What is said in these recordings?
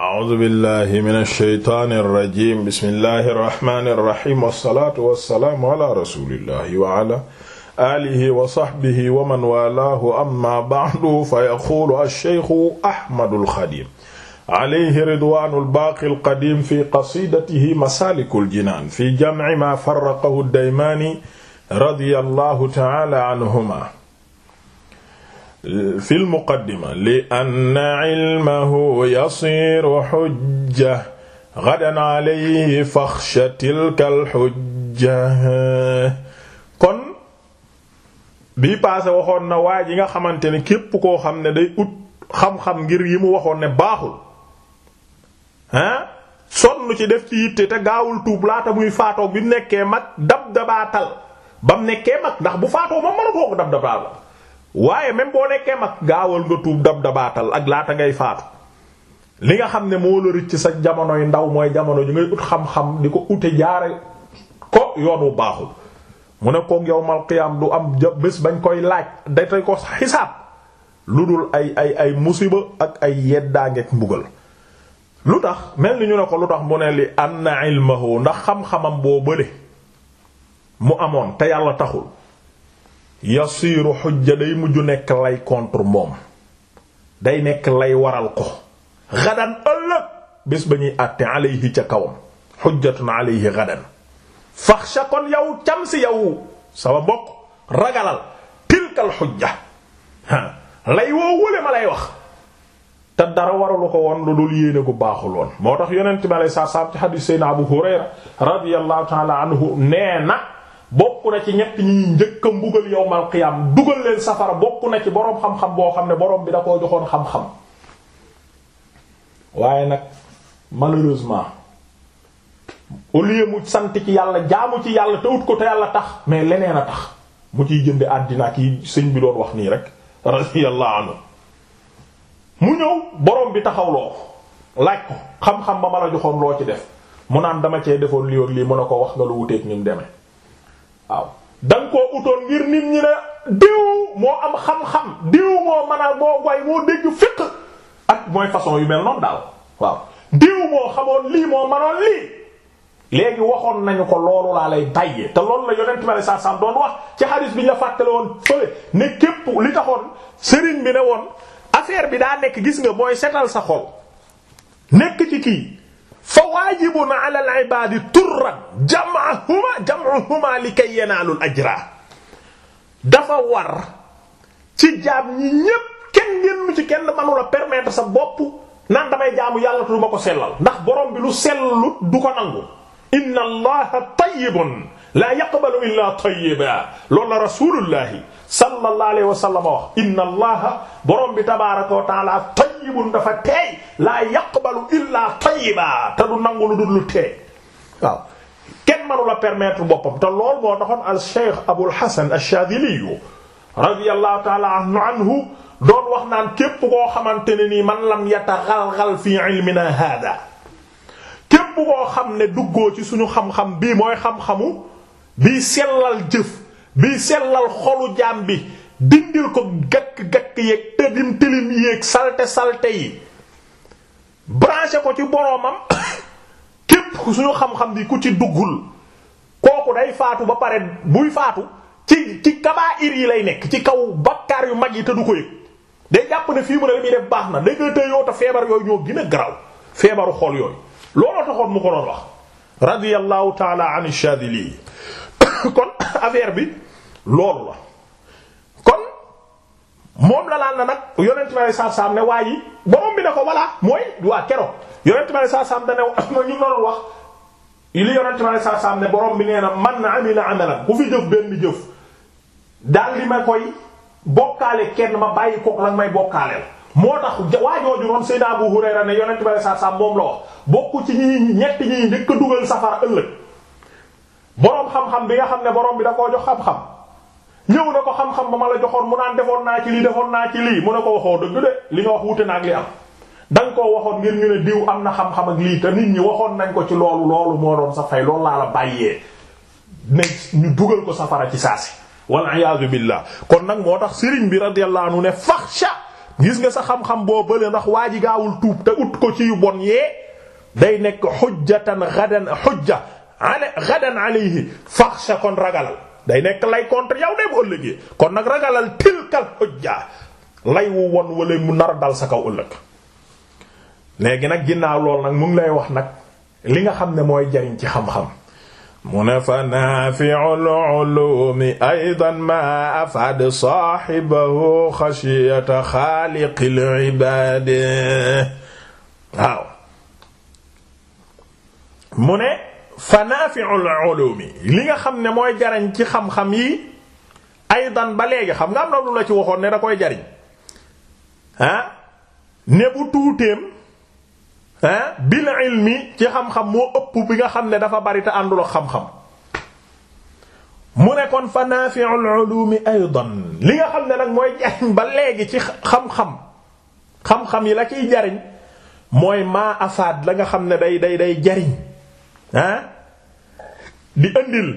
a'uuzu billahi mina shaytaani rajiim bismillahi rahmaani rahiim wassalaatu wassalaamu ala rasuulillahi wa ala aalihi wa sahbihi wa man waalaahu amma ba'du fa yaquulu ash-shaykhu Ahmadul Xadiim alayhi ridwaanul baaqil qadiim fi qasiidatihi masaalikul jinaan fi jam'i maa farraqahu ad-Daymaani radiyallahu ta'aala anhumaa fi lmuqaddima li anna ilmahu yasiru waxoon na waa ji nga xamante ni képp koo xam ne day ut xam-xam ngir yi mu waxoon ne baaxul ah sonn ci def ci yitte te gaawul tuub laata muy faatoog bi nekkee mag dab dabaatal ba mu nekkee mag ndax bu faatoo moom mënatoo ko dab dabaatal waaye même boo nekkee mag gaawal nga tuub dab ak laata ngay faatu li nga xam ne moo la rëcc sa jamono yu ndaw mooy jamono ju ngay ut xam-xam di ko ute jaare ko yoon wu baaxul mu ne koog yowmal qiyaam du am bés bañ koy laaj day tay ko xisaab lu dul ay ay ay musiba ak ay yeddaangeek mbugal lu tax mel ni ñu ne ko lu tax mu ne li anna ilmahu ndax xam-xamam boo bële mu amoon te yàlla taxul yasiiru xujja day mujj nekk lay contre moom day nekk lay waral ko xadan ëllëg bés ba ñuy àtte alayhi ca kawam xujjatun alayhi xadan faxsha kon yow cam si yow sama mbokk ragalal tilkal xujja lay woo wële ma lay wax te dara waralu ko woon lu dul yéene gu baaxul woon moo tax yonent bi aley saa ci xadiis sayna Abu Hurayra radiyallahu ta'ala anhu nee na bokk na ci ñett ñi njëkk a mbugal yowmal qiyaam dugal leen safara bokk na ci boroom xam-xam boo xam ne boroom bi da koo joxoon xam-xam waaye nag malheureusement au lieu mu sant ci yàlla jaamu ci yàlla te wut ko te yàlla tax mais leneen a tax mu ciy jënde àddina ki yi sëñ bi doon wax nii rek radiyallahu anhu mu ñëw borom bi taxaw loo laaj ko xam-xam ba ma la joxoon loo ci def mu naan dama cee defoon lii ak lii mën a ko wax nga lu wuteeg ni mu demee waaw da nga koo utoon ngir nit ñi ne diw moo am xam-xam diw moo mën a moo goy moo dégg fiq ak mooy façon yu mel noonu daal waaw diw moo xamoon lii moo mënoon lii léegi waxoon nañu ko loolu laa lay bàyyee te loolu la yonent ma ne saa saa doon wax ci hadis bi ñu la woon fële ne képp li taxoon sëriñ bi ne woon affaire bi daa nekk gis nga mooy setal sa xol nekk ci kii fa waajibun ala al ibaadi turran jam'uhuma jam'uhuma likay yanaalul ajra dafa war ci jaam ñi ñépp kenn génn ci kenn manula permettre sa bopp naan damay jaamu yàlla tu ma ko sellal ndax borom bi lu sellut du ko nangu inna allaha tayyibun laa yaqbalu illaa tayyiba loolu la rasulullahi sallallahu alayhi wa sallam wax inna allaha borom bi tabaaraka wa taala tayyibun dafa teey laa yaqbalu illaa tayyiba te du nangu lu dul lu teey waaw kenn mënu la permettre boppam te lool moo taxoon al cheikh Abul Hasan ash-Shaadili radiyallahu taala anhu doon wax naan képp koo xamante ne nii man lam yataxalxal fi ilmina hada képp koo xam ne duggoo ci suñu xam-xam bii mooy xam-xamu biy sellal jëf biy sellal xolu jaan bi dindil ko gakk-gakk yeeg tëdim tilim yéeg salte salte yi branché ko ci boroomam képp suñu xam-xam bi ku ci duggul kooku day faatu ba pare buy faatu ci ci kabaa'ir yi lay nekk ci kaw bakkaar yu mag yi te du ko yëg day jàpp ne fii mu ne li muy def baax na léegi te yow te feebar yooyu ñoo gën a garaw feebaru xol yooyu looloo taxoon mu ko doon wax radiyallahu ta'ala an ash-Shadhili affaire bi loolu la kon moom la laan na nag yonent bi saa saam ne waa borom bi ne ko voilà mooy waa keroog yonent bi saa saam da ne ñu ngi doon wax li yonent bi saa saam ne borom bi nee na man amila amalan ku fi jëf benn jëf daal li ma koy bokkaale kenn ma bàyyi kook la may bokkaale la. moo tax waa jooju noonu Seydina Abu Hurayra ne yonent bi saa saam moom la wax bokku ci ñi ñetti ñi njëkk a dugal safara ëllëg. boroom xam-xam bi nga xam ne boroom bi da koo jox xam-xam ñëw na ko xam-xam ba ma la joxoon mu naan defoon naa ci lii defoon naa ci lii mu ne ko waxoo dëgg de li nga wax wuute na ak li am da koo waxoon ngir ñu ne diw am na xam-xam ak lii te nit ñi waxoon nañ ko ci loolu loolu moo doon sa fay loolu laa la bàyyee ne ñu dugal ko safara ci saasi wal iyaazu billah kon nag moo tax sëriñ bi radiyallahu anhu ne faxsha gis nga sa xam-xam boo bële ndax waa ji gaawul tuub te ko ci bon yee day nekk xujjatan gadan xujja ale gadan alayhi faxsha kon ragalal day nekk lay contre yow de bu ëllëgee kon nag ragalal tilkal hujja lay wu won wala mu nar a dal sa kaw ëllëg léegi nag ginnaaw lool nag mu ngi lay wax nag li nga xam ne mooy jariñ ci xam-xam mu ne fa nafi'ul ulumi aydan ma afad sahibahu xashiyata xaaliqil ibadi waaw mu ne fa nafi'ul ulumi li nga xam ne mooy jariñ ci xam-xam yi aydan ba léegi xam nga am na lu la ci waxoon ne da koy jariñ ah ne bu tuuteem ah bil ilmi ci xam-xam moo ëpp bi nga xam ne dafa bari te àndul xam-xam mu ne kon fa nafi'ul ulumi aydan li nga xam ne nag mooy jariñ ba léegi ci xam-xam xam-xam yi la ciy jariñ mooy maa afaad la nga xam ne day day day jariñ ah di andil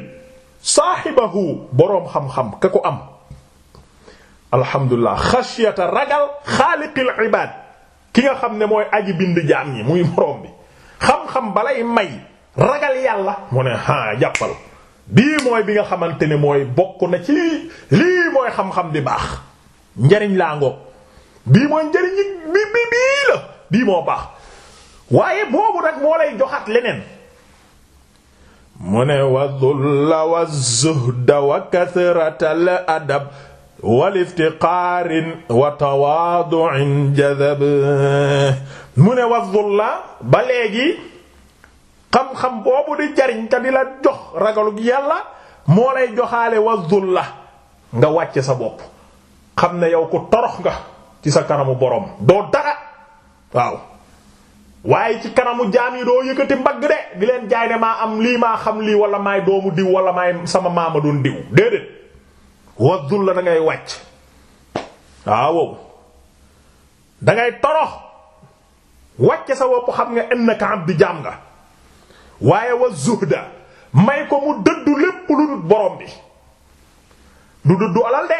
saaxibahu boroom xam-xam ka ko am alhamdulilah xashyata ragal xaaliqil ibaad ki nga xam ne mooy aji bind jaam yi muy boroom bi xam-xam balay may ragal yàlla mu ne a jàppal bii mooy bi nga xamante ne mooy bokk na ci lii mooy xam-xam di baax njariñ laa ngoog bii mooy njariñ bi bi bii la bii moo baax waaye boobu nag moo lay joxaat leneen mu ne wa dulla wa zuhda wa kathratal adab wal iftiqaarin wa tawaadu'in jadab mu ne wa la ba léegi xam-xam boobu di jariñ te di la jox ragalu yàlla moo lay joxaale wa la nga wàcce sa bopp xam ne yow ko torox nga ci sa kanamu boroom doo dara waaw waaye ci kanamu jaam yi doo yëkkati mbagg de di leen jaay ne maa am lii maa xam lii wala may doomu diw wala maay sama maama doon diw déedéet waddul la dangay wàcc waaw da ngay torox wàcce sa woppu xam nga innaka bi jaam nga waaye wa zuhda may ko mu dëddu lépp lu borom bi du dëddu alal de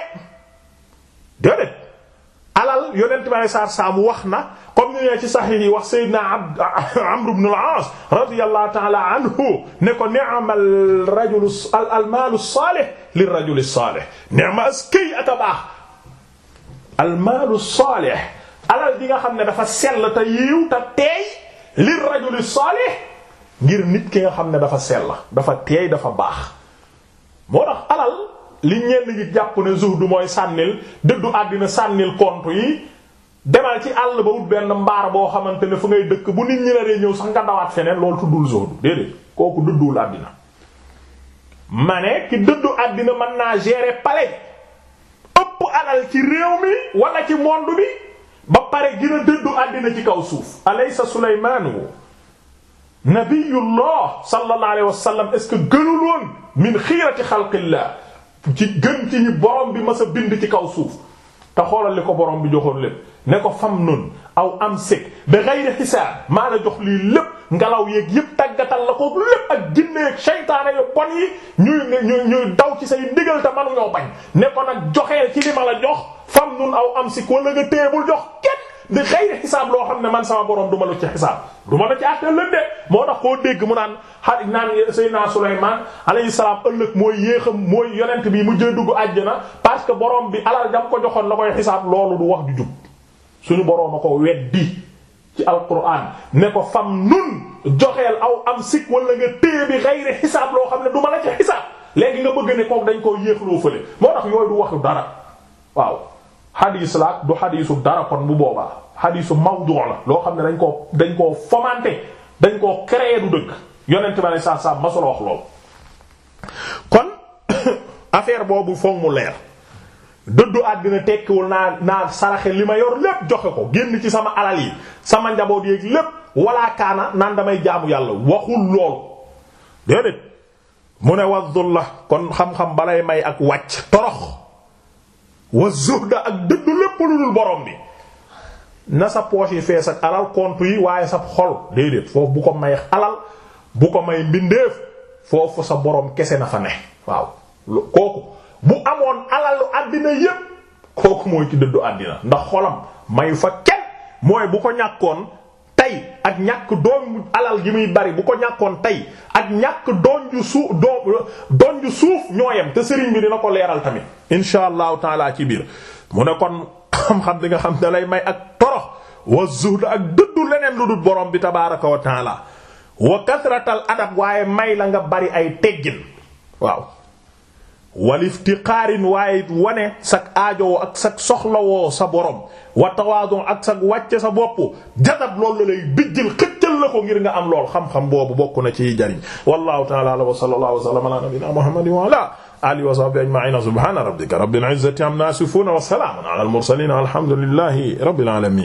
déedéet daal yonent bi saa saamu wax na comme ni ne ci saxiix yi wax Seydina Abd Amr ibn al-Aas radiyallahu ta'ala anhu ne ko ni'mal rajulu al maalu saalih ak a baax al maalu saalih alal nga xam ne dafa sell te yiw te teey lirrajuli saalih ngir nit ki nga xam ne dafa sell dafa teey dafa baax moo tax alal li ñenn ngi jàpp ne du mooy sànnil dëddu àddina sànnil compte yi demal ci àll ba wut benn mbaar boo xamante ne fu ngay dëkk bu nit ñi naree ñëw sax nga dawaat feneen loolu tuddul zuhdu déedéet kooku dëdduwul àddina ma ki dëddu àddina mën naa gérer palais ëpp alal ci réew mi wala ci monde bi ba pare gën a dëddu àddina ci kaw suuf alaysa suleymaanu nabiyullah sallallahu alayhi wasallam est-ce que gënul woon min xiirati xalqillah ci gën ci ñi borom bi mas a bind ci kaw suuf te xoolal li ko borom bi joxoon lépp ne ko fam nun aw am sik bi ghayri hisaab maa la jox lii lépp ngelaw yeeg yëpp tàggatal la ko lépp ak jinne yeeg seytaane yu bon yi ñuy ñuy daw ci say ndigal te manu ñoo bañ ne ko nag joxeel ci li ma la jox fam nun aw am sik wala nga téebul jox kenn bi xayri xisaab loo xam ne man sama borom duma la ci xisaab du ma la ci àtte ëllëg moo tax koo dégg mu naan xarit naan Seydina Souleymane alayhi salaam ëllëg mooy yéexam mooy yonent bi mu jël dugg àjjana parce que boroom bi alal jam ko joxoon la koy xisaab loolu du wax ju jub suñu borom a ko weddi ci alquran ne ko fam nun joxeel aw am sik wala nga téye bi xayri xisaab loo xam ne duma la ci xisaab léegi nga bëgg ne kooku dañ koo yéexloo fële moo tax yooyu du waxu dara waaw. xadiis la du xadiisu dara kon bu boobaa xadiisu mawdu la loo xam ne dañ koo dañ koo fomenter dañ koo créer du dëgg yonent ba ne saa saa ma solo wax lool kon affaire boobu foog mu leer dëddu àddina tekkiwul naa naa saraxe li ma yor lépp joxe ko génn ci sama alal yi sama njaboot yéeg lépp walaa kaana naan damay jaamu yàlla waxul lool déedéet mu ne wasdul la kon xam-xam balay may ak wàcc torox wa zuhda ak dëddu lépp lu dul borom bi na sa poche yi fees ak alal compte yi waaye sa xol déedéet foofu bu ko may alal bu ko may mbindeef foofu sa borom kese na fa ne waaw kooku bu amoon alalu àddina yépp kooku mooy ci dëddu àddina ndax xolam mayu fa kenn mooy bu ko ñàkkoon tey ak ñàkk doom alal ji muy bari bu ko ñàkkoon tey ak ñàkk doon ju suuf doon doon ju suuf ñoo ñooyam te sëriñ bi dina ko leeral tamit insha allahu taala ci biir mu ne kon xam-xam di nga xam da lay may ak torox wa zuhd ak dëddu leneen lu dul borom bi tabaraka wa taala wa kasratal adab waaye may la nga bari ay teggin waaw wal iftixaarin waaye wane sak aajowoo ak sak soxlawoo sa borom wa tawaadon ak sak wàcce sa bopp jadab loolu lay bijjil xëccal la ko ngir nga am lool xam-xam boobu bokk na ci jariñ wallahu ta'ala wa sallallahu wa sallama ala nabiyyina muhammadin wa ala alihi wa sahbihi ajma'ina subhana rabbika rabbil izzati amma yasifun wa salamun ala al mursalin alhamdulillahi rabbil alamin